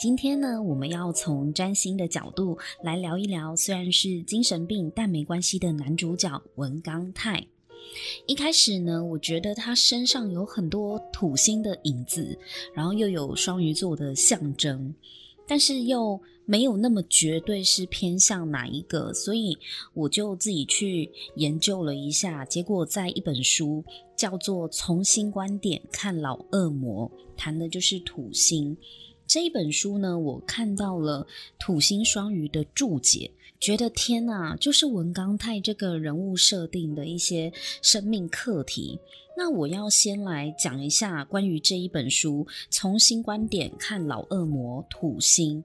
今天呢，我們要從占星的角度來聊一聊，雖然是精神病但沒關係的男主角文鋼太。一開始呢，我覺得他身上有很多土星的影子，然後又有雙魚座的象徵，但是又沒有那麼絕對是偏向哪一個，所以我就自己去研究了一下，結果在一本書叫做《從新觀點看老惡魔》，談的就是土星。這一本書呢，我看到了土星雙魚的注解，覺得天哪、啊，就是文鋼太這個人物設定的一些生命課題。那我要先來講一下關於這一本書，從新觀點看老惡魔土星。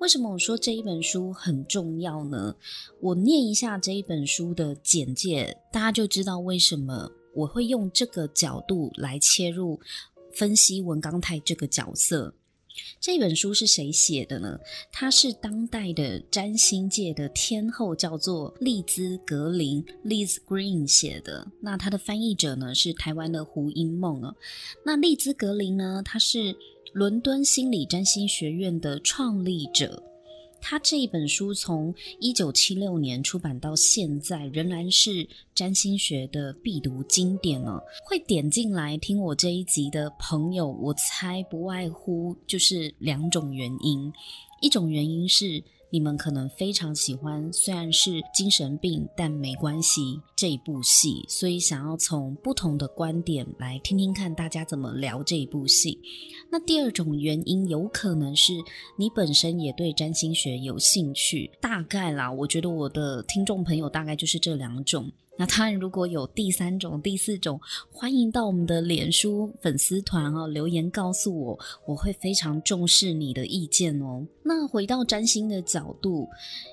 為什麼我說這一本書很重要呢？我念一下這一本書的簡介，大家就知道為什麼我會用這個角度來切入分析文鋼太這個角色。這本書是誰寫的呢？它是當代的占星界的天後，叫做利茲格林 （Liz Green） 寫的。那它的翻譯者呢，是台灣的胡因夢哦。那利茲格林呢，他是倫敦心理占星學院的創立者。他這一本書從一九七六年出版到現在，仍然是占星學的必讀經典呢。會點進來聽我這一集的朋友，我猜不外乎就是兩種原因，一種原因是。你們可能非常喜歡，雖然是精神病，但沒關係這一部戲，所以想要從不同的觀點來聽聽看大家怎麼聊這一部戲。那第二種原因有可能是你本身也對占星學有興趣，大概啦，我覺得我的聽眾朋友大概就是這兩種。那當然，如果有第三種、第四種，歡迎到我們的臉書粉絲團、哦、留言告訴我，我會非常重視你的意見哦。那回到占星的角度，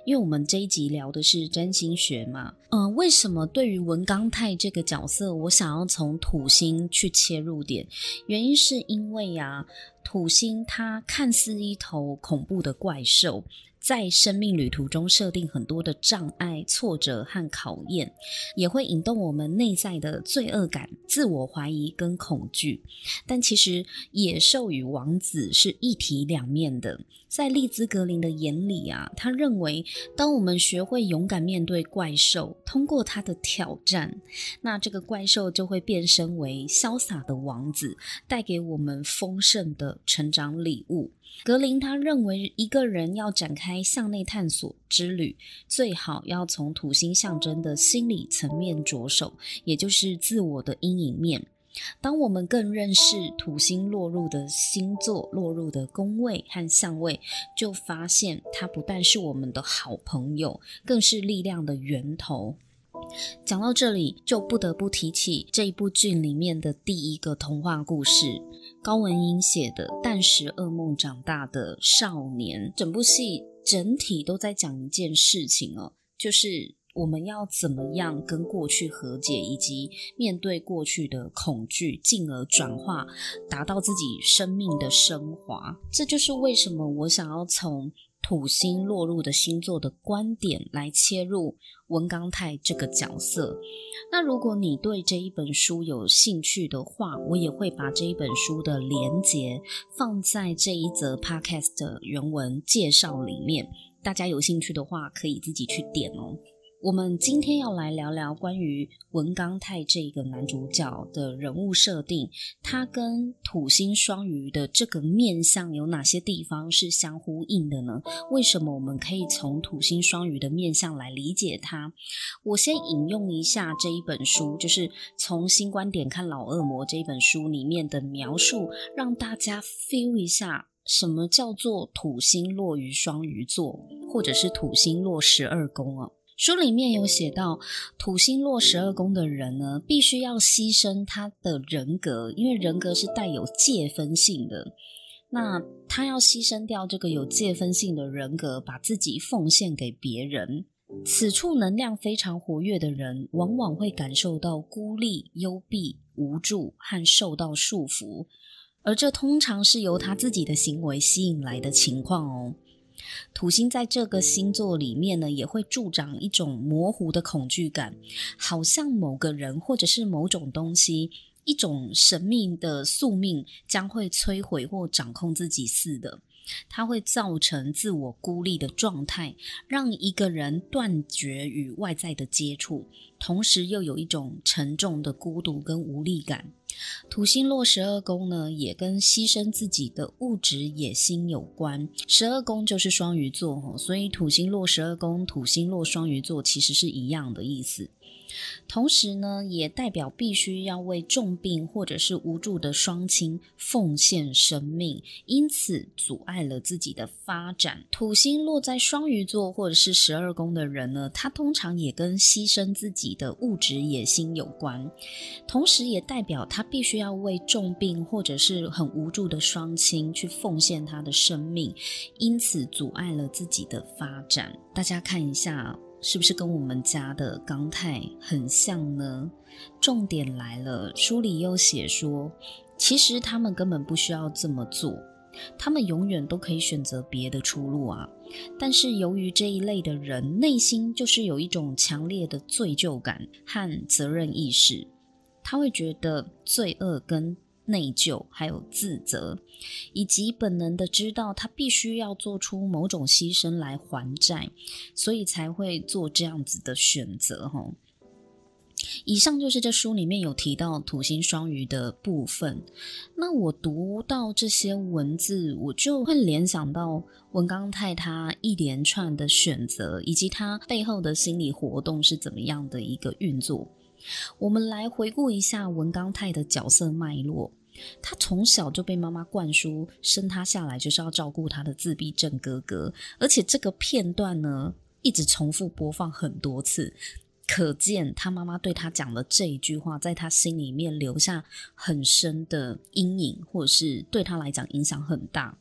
因為我們這一集聊的是占星學嘛，嗯、呃，為什麼對於文鋼太這個角色，我想要從土星去切入點？原因是因為呀、啊，土星它看似一頭恐怖的怪獸。在生命旅途中，設定很多的障礙、挫折和考驗，也會引動我們內在的罪惡感、自我懷疑跟恐懼。但其實，野獸與王子是一體兩面的。在麗茲格林的眼裡啊，他認為，當我們學會勇敢面對怪獸，通過他的挑戰，那這個怪獸就會變身為瀟灑的王子，帶給我們豐盛的成長禮物。格林他認為，一個人要展開向內探索之旅，最好要從土星象徵的心理層面着手，也就是自我的陰影面。當我們更認識土星落入的星座、落入的宮位和相位，就發現它不但是我們的好朋友，更是力量的源頭。講到這裡，就不得不提起這一部劇裡面的第一個童話故事，高文英寫的《啖食噩夢長大的少年》。整部戲整體都在講一件事情哦，就是我們要怎麼樣跟過去和解，以及面對過去的恐懼，進而轉化，達到自己生命的昇華。這就是為什麼我想要從土星落入的星座的觀點來切入文剛泰這個角色。那如果你對這一本書有興趣的話，我也會把這一本書的連接放在這一則 Podcast 原文介紹裡面。大家有興趣的話，可以自己去點哦。我們今天要來聊聊關於文鋼太這個男主角的人物設定，他跟土星雙魚的這個面向有哪些地方是相呼應的呢？為什麼我們可以從土星雙魚的面向來理解他？我先引用一下這一本書，就是從《從新觀點看老惡魔》這一本書裡面的描述，讓大家 feel 一下什麼叫做土星落於雙魚座，或者是土星落十二宮啊。書裡面有寫到，土星落十二宮的人呢，必須要犧牲他的人格，因為人格是帶有界分性的。那他要犧牲掉這個有界分性的人格，把自己奉獻給別人。此處能量非常活躍的人，往往會感受到孤立、幽閉、無助和受到束縛，而這通常是由他自己的行為吸引來的情況哦。土星在這個星座裡面呢，也會助長一種模糊的恐懼感，好像某個人或者是某種東西，一種神秘的宿命將會摧毀或掌控自己似的。它會造成自我孤立的狀態，讓一個人斷絕與外在的接觸，同時又有一種沉重的孤獨跟無力感。土星落十二宮呢，也跟犧牲自己的物質野心有關。十二宮就是雙魚座吼，所以土星落十二宮，土星落雙魚座其實是一樣的意思。同時呢，也代表必須要為重病或者是無助的雙親奉獻生命，因此阻礙了自己的發展。土星落在雙魚座或者是十二宮的人呢，他通常也跟犧牲自己的物質野心有關，同時也代表他必須要為重病或者是很無助的雙親去奉獻他的生命，因此阻礙了自己的發展。大家看一下。是不是跟我們家的鋼太很像呢？重點來了，書裡又寫說，其實他們根本不需要這麼做，他們永遠都可以選擇別的出路啊。但是由於這一類的人內心就是有一種強烈的罪疚感和責任意識，他會覺得罪惡跟。內疚，還有自責，以及本能的知道他必須要做出某種犧牲來還債，所以才會做這樣子的選擇。哈，以上就是這書裡面有提到土星雙魚的部分。那我讀到這些文字，我就會聯想到文鋼太他一連串的選擇，以及他背後的心理活動是怎麼樣的一個運作。我們來回顧一下文鋼太的角色脈絡。他從小就被媽媽灌輸，生他下來就是要照顧他的自閉症哥哥，而且這個片段呢一直重複播放很多次，可見他媽媽對他講的這一句話，在他心裡面留下很深的陰影，或者是對他來講影響很大。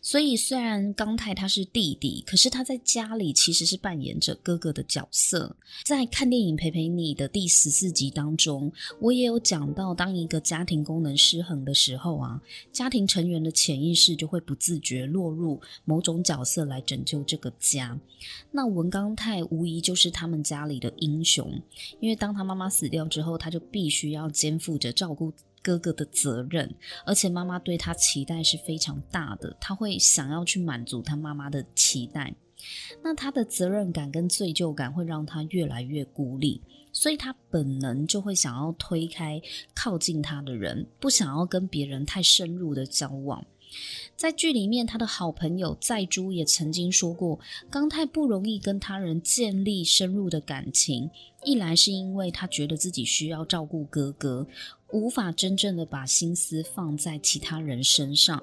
所以，雖然鋼太他是弟弟，可是他在家裡其實是扮演着哥哥的角色。在《看電影陪陪你》的第十四集當中，我也有講到，當一個家庭功能失衡的時候啊，家庭成員的潛意識就會不自覺落入某種角色來拯救這個家。那文鋼太無疑就是他們家裡的英雄，因為當他媽媽死掉之後，他就必須要肩負着照顧。哥哥的責任，而且媽媽對他期待是非常大的，他會想要去滿足他媽媽的期待。那他的責任感跟罪疚感會讓他越來越孤立，所以他本能就會想要推開靠近他的人，不想要跟別人太深入的交往。在劇裡面，他的好朋友在朱也曾經說過，鋼太不容易跟他人建立深入的感情，一來是因為他覺得自己需要照顧哥哥。無法真正的把心思放在其他人身上。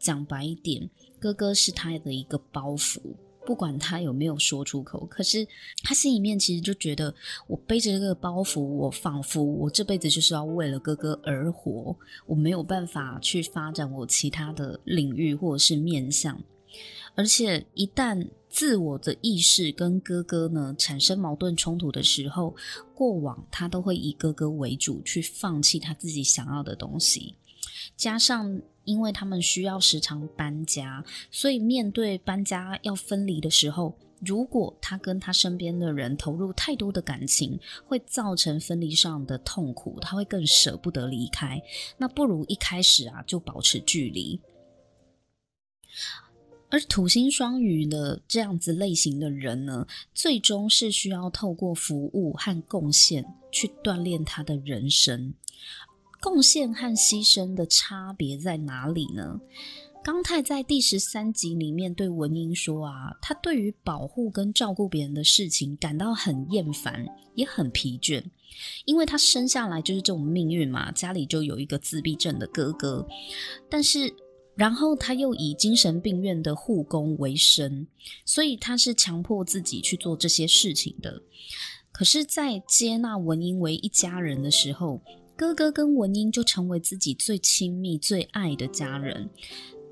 講白一點，哥哥是他的一個包袱，不管他有沒有說出口，可是他心裡面其實就覺得，我背着這個包袱，我仿佛我這輩子就是要為了哥哥而活，我沒有辦法去發展我其他的領域或者是面向，而且一旦。自我的意識跟哥哥呢產生矛盾衝突的時候，過往他都會以哥哥為主去放棄他自己想要的東西。加上因為他們需要時常搬家，所以面對搬家要分離的時候，如果他跟他身邊的人投入太多的感情，會造成分離上的痛苦，他會更捨不得離開。那不如一開始啊就保持距離。而土星雙魚的這樣子類型的人呢，最終是需要透過服務和貢獻去鍛鍊他的人生。貢獻和犧牲的差別在哪裡呢？鋼太在第十三集裡面對文英說啊，他對於保護跟照顧別人的事情感到很厭煩，也很疲倦，因為他生下來就是這種命運嘛，家裡就有一個自閉症的哥哥，但是。然後他又以精神病院的護工為生，所以他是強迫自己去做這些事情的。可是，在接納文英為一家人的時候，哥哥跟文英就成為自己最親密、最愛的家人，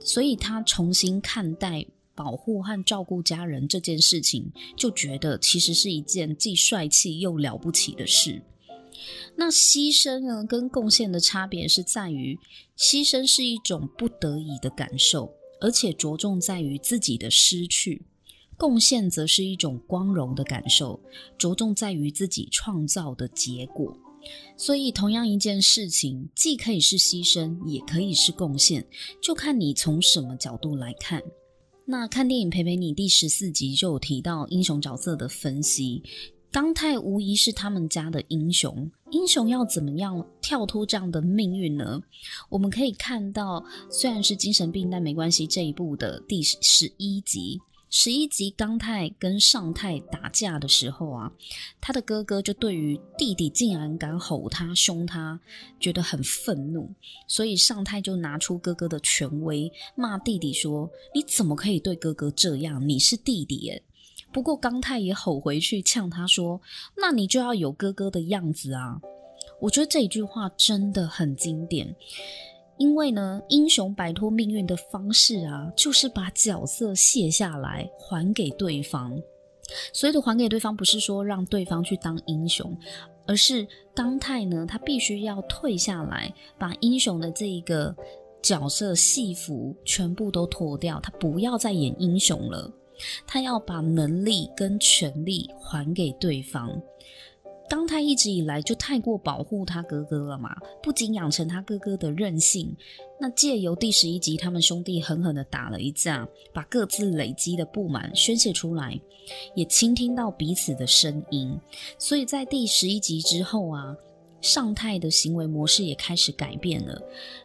所以他重新看待保護和照顧家人這件事情，就覺得其實是一件既帥氣又了不起的事。那犧牲呢，跟貢獻的差別是在於，犧牲是一種不得已的感受，而且着重在於自己的失去；貢獻則是一種光榮的感受，着重在於自己創造的結果。所以，同樣一件事情，既可以是犧牲，也可以是貢獻，就看你從什麼角度來看。那《看電影陪陪你》第十四集就有提到英雄角色的分析。鋼泰無疑是他們家的英雄。英雄要怎麼樣跳脫這樣的命運呢？我們可以看到，雖然是精神病，但沒關係。這一部的第十一集，十一集剛泰跟尚泰打架的時候啊，他的哥哥就對於弟弟竟然敢吼他、凶他，覺得很憤怒，所以尚泰就拿出哥哥的權威，罵弟弟說：“你怎麼可以對哥哥這樣？你是弟弟、欸。”不過，鋼太也吼回去嗆他說：“那你就要有哥哥的樣子啊！”我覺得這一句話真的很經典，因為呢，英雄擺脫命運的方式啊，就是把角色卸下來還給對方。所以，還給對方不是說讓對方去當英雄，而是鋼太呢，他必須要退下來，把英雄的這一個角色戲服全部都脫掉，他不要再演英雄了。他要把能力跟權力還給對方。當他一直以來就太過保護他哥哥了嘛，不僅養成他哥哥的任性，那借由第十一集他們兄弟狠狠地打了一架，把各自累積的不滿宣洩出來，也傾聽到彼此的聲音。所以在第十一集之後啊。尚泰的行為模式也開始改變了，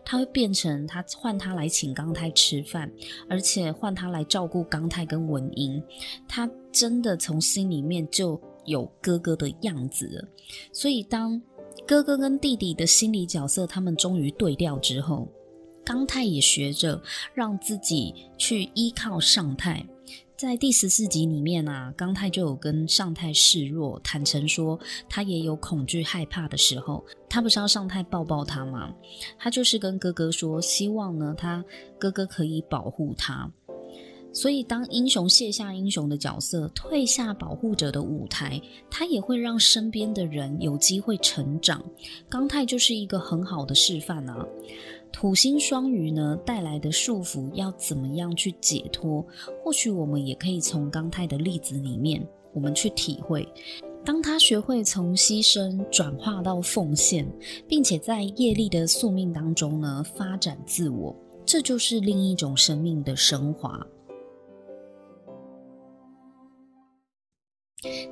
他會變成他換他來請鋼太吃飯，而且換他來照顧鋼太跟文英，他真的從心裡面就有哥哥的樣子了，所以當哥哥跟弟弟的心理角色他們終於對調之後，鋼太也學着讓自己去依靠尚泰。在第十四集裡面啊，鋼太就有跟尚泰示弱，坦誠說他也有恐懼害怕的時候。他不是要尚泰抱抱他嗎？他就是跟哥哥說，希望呢，他哥哥可以保護他。所以，當英雄卸下英雄的角色，退下保護者的舞台，他也會讓身邊的人有機會成長。鋼太就是一個很好的示範啊。土星雙魚呢帶來的束縛要怎麼樣去解脫？或許我們也可以從鋼太的例子裡面，我們去體會，當他學會從犧牲轉化到奉獻，並且在業力的宿命當中呢發展自我，這就是另一種生命的升華。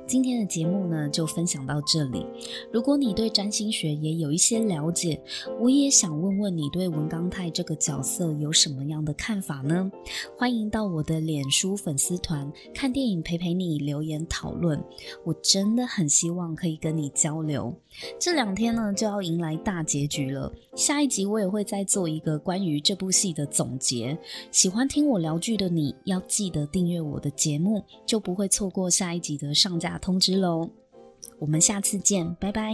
今天的節目呢，就分享到這裡。如果你對占星學也有一些了解，我也想問問你對文鋼太這個角色有什麼樣的看法呢？歡迎到我的臉書粉絲團看電影陪陪你留言討論，我真的很希望可以跟你交流。這兩天呢，就要迎來大結局了，下一集我也會再做一個關於這部戲的總結。喜歡聽我聊劇的你，你要記得訂閱我的節目，就不會錯過下一集的。上架通知嘍，我們下次見，拜拜。